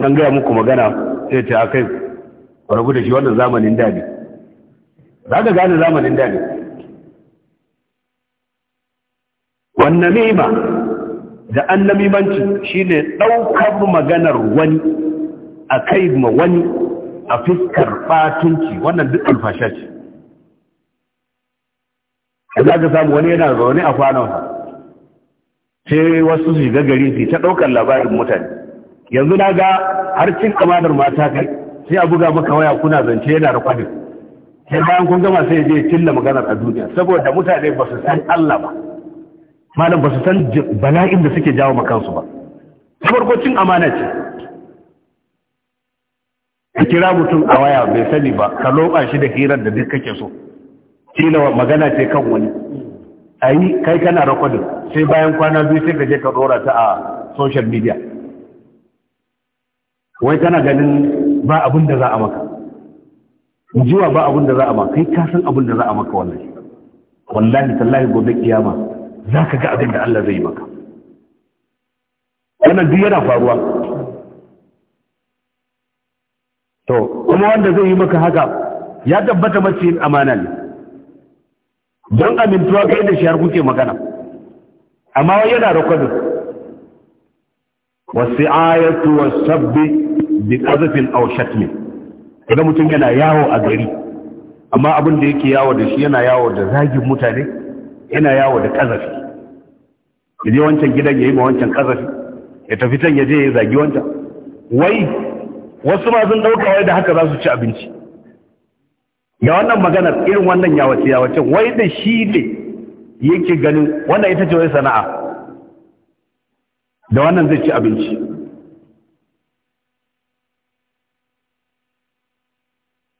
an gaya muku magana sai ce a kai ku rabu da shi wannan zamanin dadi za ka gane zamanin dadi wannamima da annamimanci shine ɗaukar maganar wani a kai ma wani a fiskar batunci wannan duk alfasha ce za ka samu wani yana zaune a fanon sai wasu su shiga gari su ta ɗaukar labarin mutane yanzu na ga har cin kamanar mata kai sai a buga maka waya kuna zance yana da kwanin sai bayan kun gama sai je cilla maganar a duniya saboda mutane ba su san Allah ba malam ba su san bala'in da suke jawo makansu ba ta farko cin amana ce ka kira mutum a waya bai sani ba ka loba shi da hirar da duk kake so kila magana ce kan wani ayi kai kana rakodin sai bayan kwana biyu sai ka je ka dora ta a social media wai kana ganin ba abin da za a maka jiwa ba abin da za a maka kai ka san abin da za a maka wallahi wallahi tallahi gobe kiyama za ka ga abin da Allah zai maka wannan duk yana faruwa to kuma wanda zai yi maka haka ya tabbata mace yin amana ne don amintuwa kai da shi har kuke magana amma wai yana rukwazin. wasu ayatu wasu sabbi bi ƙazafin aushatmin idan mutum yana yawo a gari amma abin da yake yawo da shi yana yawo da zagin mutane yana yawo da kazafi ya je wancan gidan ya yi ma wancan kazafi ya tafi can ya je ya zagi wancan wai wasu ma sun ɗauka wai da haka za su ci abinci ga wannan magana irin wannan yawace yawace wai da shi ne yake ganin wannan ita ce wai sana'a da wannan zai ci abinci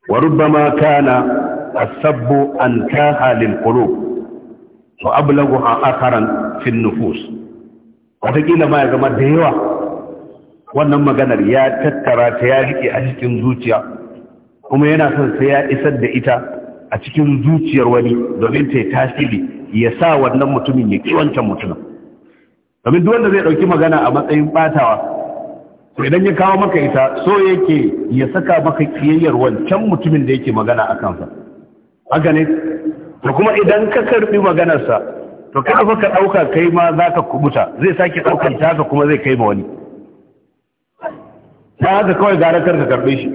wa rubbama kana asabbu an kaha lil qulub wa ablagu a akaran fin nufus wataƙila ma ya zama da yawa wannan maganar ya tattara ta ya riƙe a cikin zuciya kuma yana son sai ya isar da ita a cikin zuciyar wani domin ta yi tasiri ya sa wannan mutumin ya wancan mutumin domin duk wanda zai ɗauki magana a matsayin batawa to idan ya kawo maka ita so yake ya saka maka kiyayyar wancan mutumin da yake magana a kansa aga ne To kuma idan ka karbi maganarsa to kada fa ka dauka kai ma zaka kubuta zai sake daukar taka kuma zai kai ma wani ta haka kawai gara kar ka karbe shi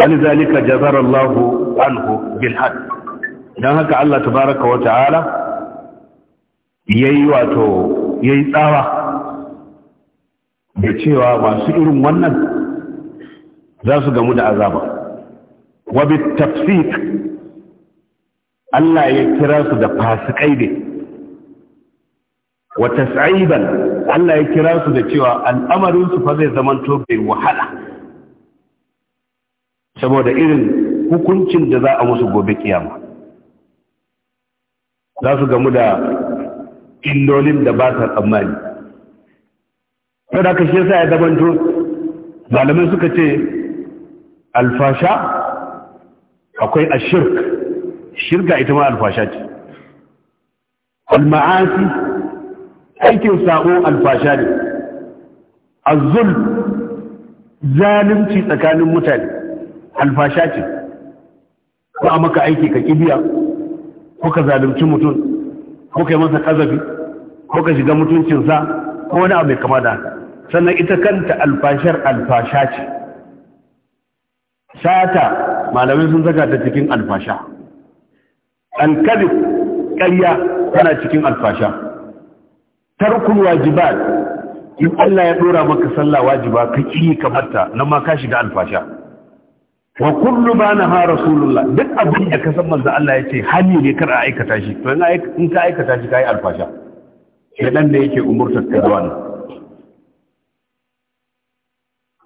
wani zalika jazarallahu anhu bil had dan haka Allah tabaraka wa ta'ala yayi wato yayi tsawa da cewa masu irin wannan za su gamu da azaba wa bitafsik Allah ya kira su da fasikai ne wa tas'iban Allah ya kira su da cewa al'amarin su fa zai zamanto bai wahala saboda irin hukuncin da za a musu gobe kiyama za su gamu da illolin da ba sa tsammani sai da kashe sa ya zamanto malamai suka ce alfasha akwai ashirk shirka ita ma alfasha ce alma'asi aikin sa'o alfasha ne azul zalunci tsakanin mutane alfasha ce ko a maka aiki ka kibiya ko ka zalunci mutum ko ka yi masa kazabi ko ka shiga mutuncinsa ko wani abu mai kama da haka sannan ita kanta alfashar alfasha ce sata malamai sun saka ta cikin alfasha an karya ƙarya tana cikin alfasha tarkul wajiba in Allah ya dora maka sallah wajiba ka ki ka na nan ma ka shiga alfasha wa kullu ma naha rasulullah duk abin da ka san manzo Allah ya ce hali ne kar a aikata shi to in ka aikata shi kai alfasha shedan da yake umurtar ka zuwa nan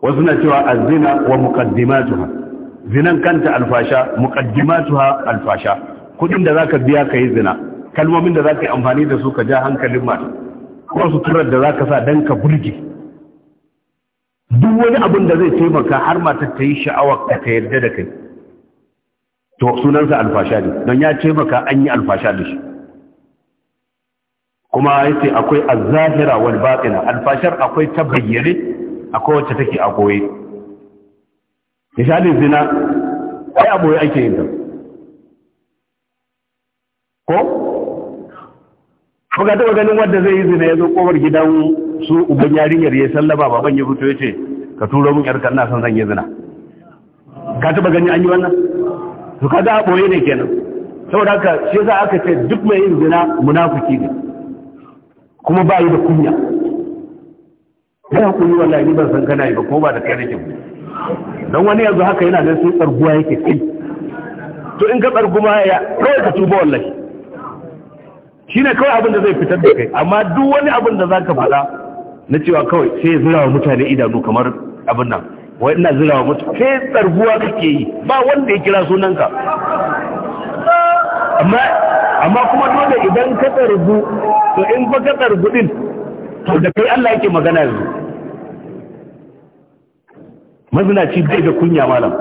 wasu na cewa azina wa muqaddimatuha zinan kanta alfasha muqaddimatuha alfasha kudin da zaka biya kai zina kalmomin da zaka yi amfani da su ka ja hankalin mata ko turar da zaka sa dan ka burge duk wani abin da zai taimaka har mata ta yi sha'awar ka ta yarda da kai to sunansa alfasha ne don ya taimaka an yi alfasha da shi kuma yace akwai az-zahira wal batina alfashar akwai ta bayyane akwai wacce take a goye misali zina ai abu ake yin ta ko ko ga taɓa ganin wanda zai yi zina ya zo ƙofar gidan su uban yarinyar ya sallaba baban ya fito ya ce ka turo min yar na san zan yi zina ka taɓa gani an yi wannan to ka a boye ne kenan saboda ka shi yasa aka ce duk mai yin zina munafiki ne kuma ba yi da kunya ba hakuri wallahi ban san kana yi ba ko ba da kai nake don wani yanzu haka yana ganin sai tsarguwa yake kai to in ka tsarguma ya kawai ka tuba wallahi Shi ne kawai abin da zai fitar da kai amma duk wani abin da ka faɗa na cewa kawai sai zira wa mutane idanu kamar abin nan wai ina zira wa mutane sai tsarguwa kake yi ba wanda ya kira sunanka amma amma kuma dole idan ka tsargu to in fa ka tsargu din to da kai Allah yake magana yanzu mazinaci bai da kunya malam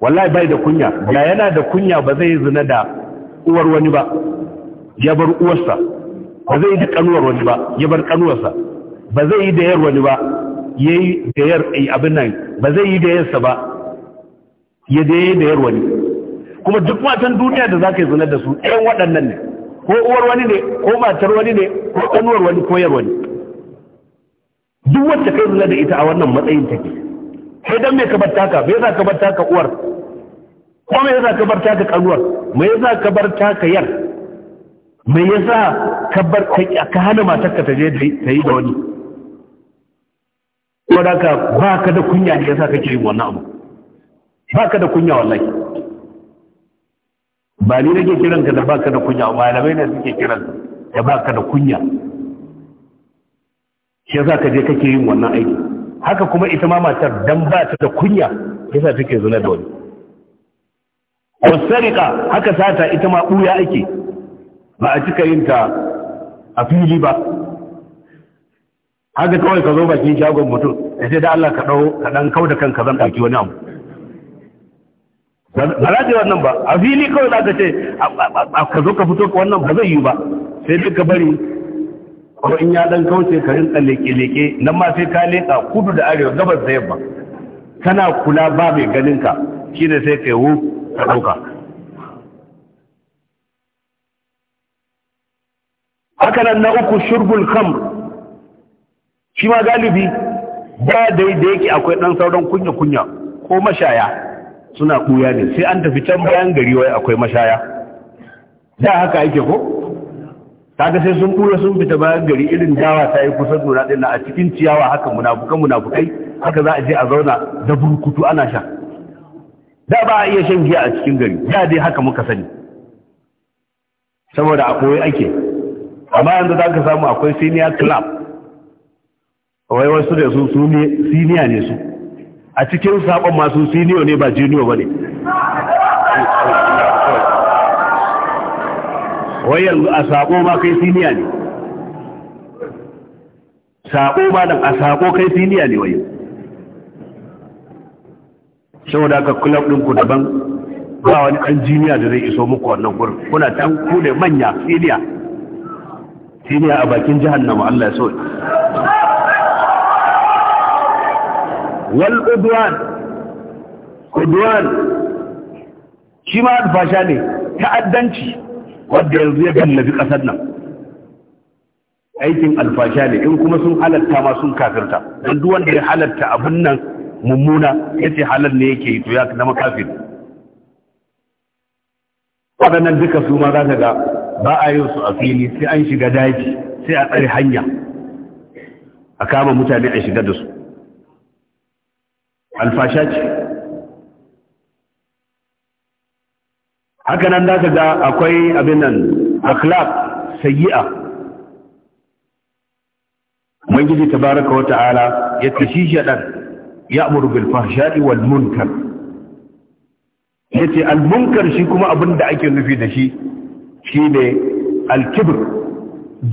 wallahi bai da kunya ga yana da kunya ba zai zina da uwar wani ba ya bar uwarsa ba zai yi da kanuwar wani ba ya bar kanuwarsa ba zai yi da yar wani ba ya yi da yar eh, abin nan ba zai yi da yarsa ba ya da yi da yar wani kuma duk matan duniya da za ka yi zina da su ɗayan waɗannan ne ko uwar wani ne ko matar wani ne ko kanuwar wani ko yar wani duk wacce kai zina da ita a wannan matsayin take kai dan me ka bar taka me yasa ka bar taka uwar ko me yasa ka bar taka kanuwar me yasa ka bar taka yar me yasa ka bar ka hana matarka ta je ta yi da wani ko da ka ba ka da kunya ne yasa kake yin wannan abu ba ka da kunya wallahi ba ni nake kiran ka da ba ka da kunya malamai ne suke kiran da ba ka da kunya shi yasa ka je kake yin wannan aiki haka kuma ita ma matar dan ba ta da kunya yasa take zina da wani wasarika haka sata ita ma buya ake ba a cika yin ta a fili ba haka kawai ka zo bakin shagon mutum ya sai da Allah ka ɗau ka ɗan kau da kanka zan ɗauki wani abu ba za ta wannan ba a fili kawai za ka ce ka zo ka fito ka wannan ba zai yi ba sai duka bari ko in ya dan kauce ka rinka leke-leke nan ma sai ka leka kudu da arewa gabas da yamma kana kula ba mai ganin ka shine sai ka yiwu ka dauka haka nan na uku shurbul khamr shi ma galibi ba dai da yake akwai dan sauran kunya-kunya ko mashaya suna buya ne sai an tafi can bayan gari wai akwai mashaya da haka yake ko kaga sai sun kura sun fita bayan gari irin dawa ta yi kusan zuwa ɗin a cikin ciyawa haka munafukan munafukai haka za a je a zauna da burkutu ana sha da ba a iya shan giya a cikin gari da dai haka muka sani saboda a koyi ake amma yanzu za ka samu akwai senior club wai wasu da su senior ne su a cikin sabon masu senior ne ba junior ba ne wai yanzu a sako ba kai siniya ne sako ba dan a sako kai siniya ne wai saboda haka club din ku daban ba wani dan jiniya da zai iso muku wannan gurin kuna tan ku ne manya siniya siniya a bakin jahannama Allah ya so wal udwan udwan shi ma alfasha ne ta'addanci wanda yanzu ya gallabi ƙasar nan aikin alfasha ne in kuma sun halatta ma sun kafirta don duwanda wanda ya halatta abin nan mummuna ya ce halar ne yake to ya zama kafin waɗannan duka su ma za ta ga ba a yi su a fili sai an shiga daji sai a tsare hanya a kama mutane a shiga da su alfasha ce haka nan za ka ga akwai abin nan akhlaq sayyi'a ubangiji tabaraka wa ta'ala ya shi shaɗan ya amuru bil fahsha'i wal munkar yace al munkar shi kuma abin da ake nufi da shi shine al kibr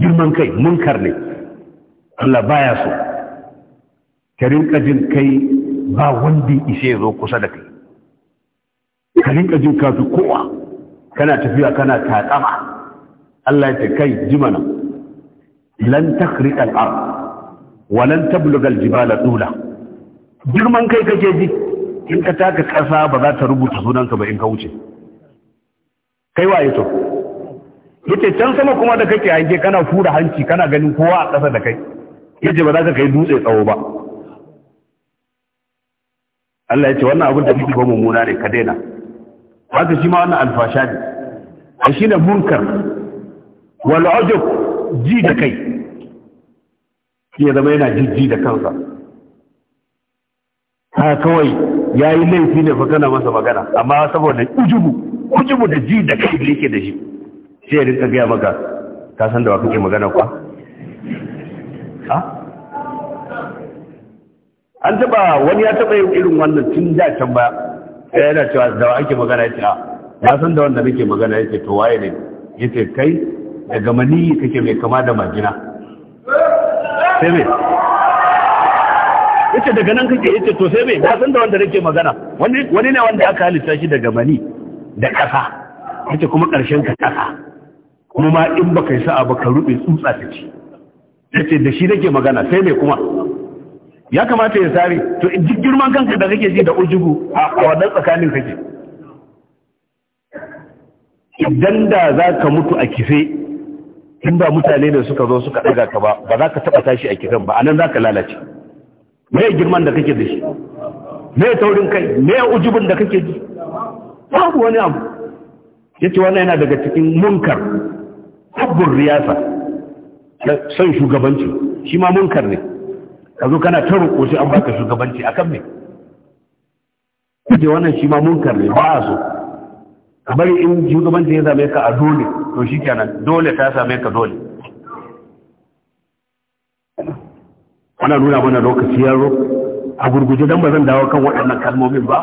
girman kai munkar ne Allah baya so ka rinka jin kai ba wanda ishe zo kusa da kai ka rinka jin kafi kowa kana tafiya kana taƙama Allah ya kai jimana lan takri al-ard wa lan tablugal jibala dula girman kai kake ji in ka taka kasa ba za ta rubuta sunanka ba in ka wuce kai waye to yace can sama kuma da kake hange kana fura hanci kana ganin kowa a ƙasa da kai yace ba za ka kai dutse tsawo ba Allah ya ce wannan abin da kike ba mummuna ne ka daina haka shi ma wannan alfasha ne a shi ne munkar wal ujub ji da kai ya zama yana jijji da kansa ha kawai ya yi laifi ne fa kana masa magana amma saboda ujubu ujubu da ji da kai da yake da shi sai ya rinka gaya maka ka san da wa kake magana kwa ha an taba wani ya taba yin irin wannan tun da can ba sai yana cewa da ake magana yace a ah, na san da wanda nake magana yace to waye ne yace kai daga maniyi kake mai kama da magina sai me yace daga nan kake yace to sai me na san da wanda nake magana wani ne wanda aka halitta shi daga mani da ƙasa ce kuma ƙarshen ka ƙasa kuma ma in baka yi sa'a ba ka rube tsutsa ta ce yace da shi nake magana sai me kuma ya kamata ya sare to girman kanka da kake ji da ujugu a wannan tsakanin kake idan da za ka mutu a kife in ba mutane da suka zo suka ɗaga ka ba ba za ka taɓa tashi a kifin ba anan za ka lalace me girman da kake da shi me taurin kai me ujubin da kake ji babu wani abu yace wannan yana daga cikin munkar habbur riyasa son shugabanci shi ma munkar ne ka zo kana ta roƙo shi an baka shugabanci akan me kuje wannan shi ma munkar ne ba a so kamar in shugabanci ya same ka a dole to shi kenan dole ta same ka dole ana nuna mana lokaci yaro a gurguje dan ba zan dawo kan waɗannan kalmomin ba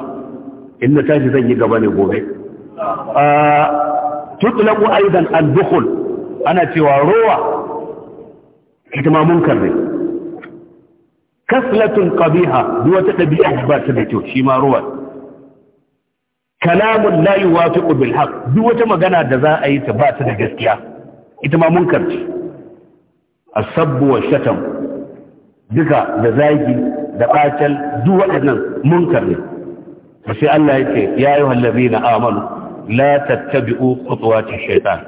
in na tashi zan yi gaba ne gobe tutlaqu aidan al-dukhul ana cewa rowa ita ma munkar ne kaslatun qabiha duk wata ɗabi'a ba ta da kyau shi ma ruwa kalamun la yuwafiqu bil haqq duk wata magana da za a yi ta ba ta da gaskiya ita ma munkar ce asabbu wa shatam duka da zagi da batal duk waɗannan munkar ne sai Allah yake ya ayyuhal ladina amanu la tattabi'u khutuwati shaytan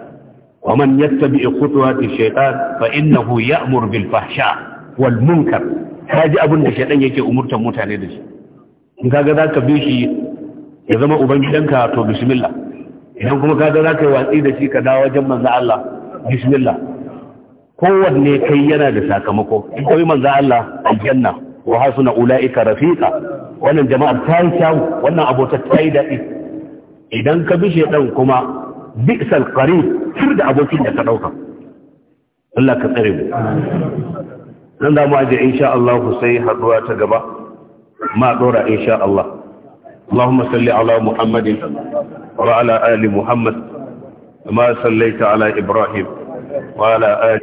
ومن يتبع خطوات الشيطان bil fahsha wal munkar. ka ji abin da shaɗan yake umurtar mutane da shi in kaga za ka bi shi ya zama ubangidanka to bismillah idan kuma kaga za ka yi watsi da shi ka dawo wajen manzan Allah bismillah kowanne kai yana da sakamako in kai manzan Allah aljanna wa hasuna ulaika rafiqa wannan jama'ar ta yi kyawu wannan abotar ta yi daɗi idan ka bi shaɗan kuma bi'sal qarib sir da abokin da ka ɗauka Allah ka tsare mu nan da mu insha Allah sai haduwa ta gaba ma dora insha Allah